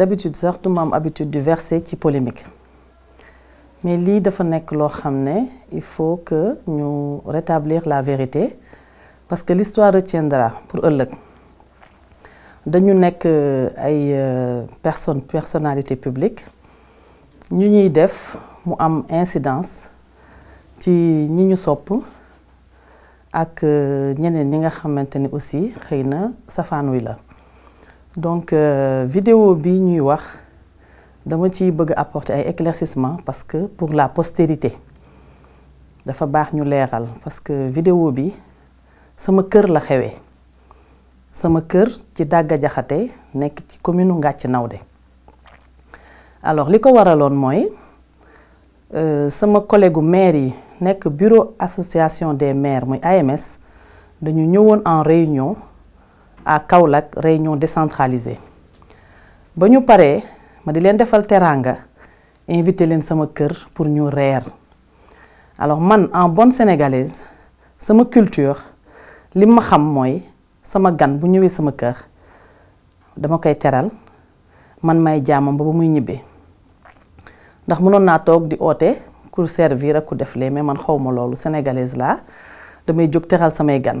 d'habitude ça nous pas l'habitude de verser des polémique mais ce dafa nekk loo il faut que nous rétablir la vérité parce que l'histoire retiendra pour Nous sommes des ay euh, personne personnalité publique Nous ñuy def mu am incidence ci ñi ñu sopp ak euh, ñeneen ñi nga xamante aussi xëy wi donc euh, vidéo bi ñuy wax dama ci bëgg apporter ay éclaircissement parce que pour la postérité dafa baax ñu léral parce que vidéo bi sama kër la xewé sama kër ci Dagga jaxaté nek ci commune ngatch nawdé alors liko waralon moy euh, sama collègue maire yi nek bureau association des maires muy AMS dañu ñëwone en réunion à Kaolack réunion décentralisée ba paré, paree ma di leen defal teraanga invité leen sama kër pour ñu reer alors man en bonne sénégalaise sama culture li ma xam mooy sama gan bu ñëwee sama cœur. dama koy teral man may jaamam ba ba muy ñibbee ndax mënoon naa toog di oote ku servir ak ku def lee mais man xaw ma loolu sénégalaise laa damay jóg teral samay gan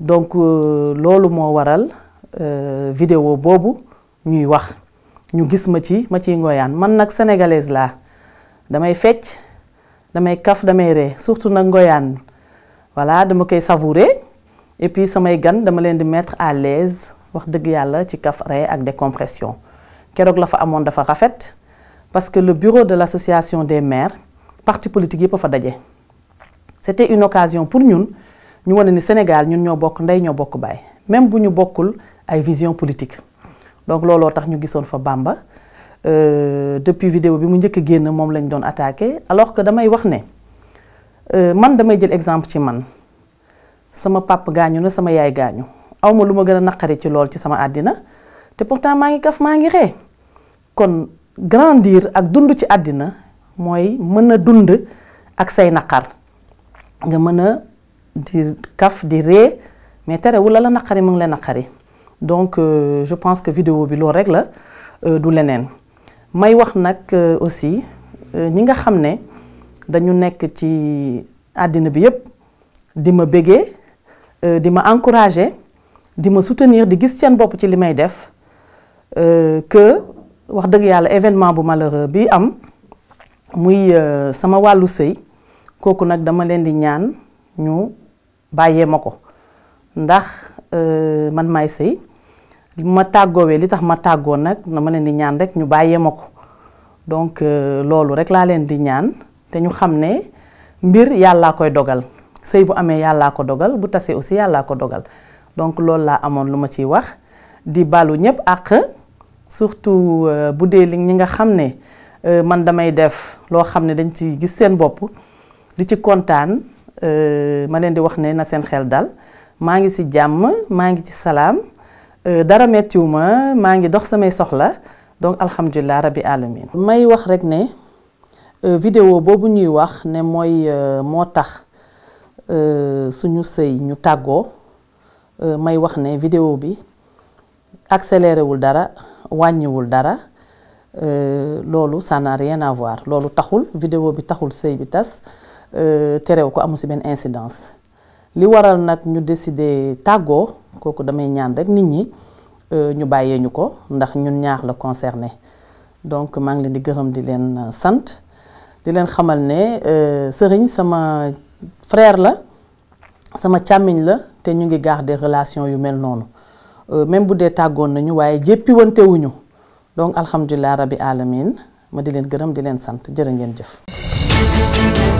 donc euh, loolu moo waral euh, vidéo Bobu ñuy wax ñu gis ma ci ma ci ngooyaan man nak sénégalaise la damay fecc damay kaf damay ré surtout nak ngooyaan voilà dama koy savourer et puis samay gan dama len di mettre à l'aise wax deug yalla ci kaf ré ak décompression kérok la fa amone dafa rafet parce que le bureau de l'association des maires parti politique yëpp fa dajé c'était une occasion pour ñun ñu wane ni Sénégal ñun ñoo bokk ndey ñoo bokk baay même bu ñu bokkul ay vision politique donc looloo tax ñu gisoon fa Bamba euh, depuis vidéo bi mu njëkk a génn moom lañ doon attaqué alors que damay wax ne euh, man damay jël exemple ci man sama papa gaañu na sama yaay gaañu awma lu ma gën a naqari ci lool ci sama àddina te pourtant maa ngi kaf maa ngi ree kon grandir ak dund ci àddina mooy mën a dund ak say naqar nga mën a di kaf di re mais terewul la la naqari mu ngi la naqari donc euh, je pense que vidéo bi loolu rek la euh, du leneen may wax nag euh, aussi ñi nga xam ne dañu nekk ci àddina bi yépp di ma bégee di ma encourager di ma soutenir di gis seen bopp ci li may def que wax dëgg yàlla événement bu malheureux bi am muy sama wàllu sëy kooku nag dama leen di ñaan ñu bàyyee ma ko ndax euh, man may sëy ma tàggoowee li tax ma tàggoo nag na ma leen di ñaan rek ñu bàyyee ma ko donc euh, loolu rek laa leen di ñaan te ñu xam ne mbir yàllaa koy dogal sëy bu amee yàllaa ko dogal bu tasee aussi yàllaa ko dogal donc loolu laa amoon lu ma ciy wax di balu ñëpp àq surtout euh, bu dee li ñi nga xam ne man damay def loo xam ne dañ ci gis seen bopp di ci kontaan Euh, ma leen di wax ne na seen xel dal maa ngi ci jàmm maa ngi ci salaam euh, dara mettiwu maa ngi dox samay soxla donc alhamdulilah rabbi alamin may wax rek ne euh, vidéo boobu ñuy wax ne mooy moo tax suñu sëy ñu tàggoo may wax ne vidéo bi accéléré dara wàññiwul dara loolu ça yenn rien voir loolu taxul vidéo bi taxul sëy bi tas Euh, terew ko amusi ben incidence li waral nak ñu décider tago koku damay ñaan rek nit ñi euh, ñu bayé ñuko ndax ñun ñaar la concerné donc ma ngi leen di gërëm di leen sante di leen xamal né euh sëriñ sama frère la sama càmmiñ la té ñu ngi garder relation yu mel euh même bu dee tagon nañu waaye jéppi wuñu donc alhamdulilah rabbi alamin ma di leen gërëm di leen sant jërë ngeen jëf